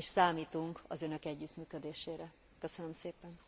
és számtunk az önök együttműködésére. köszönöm szépen!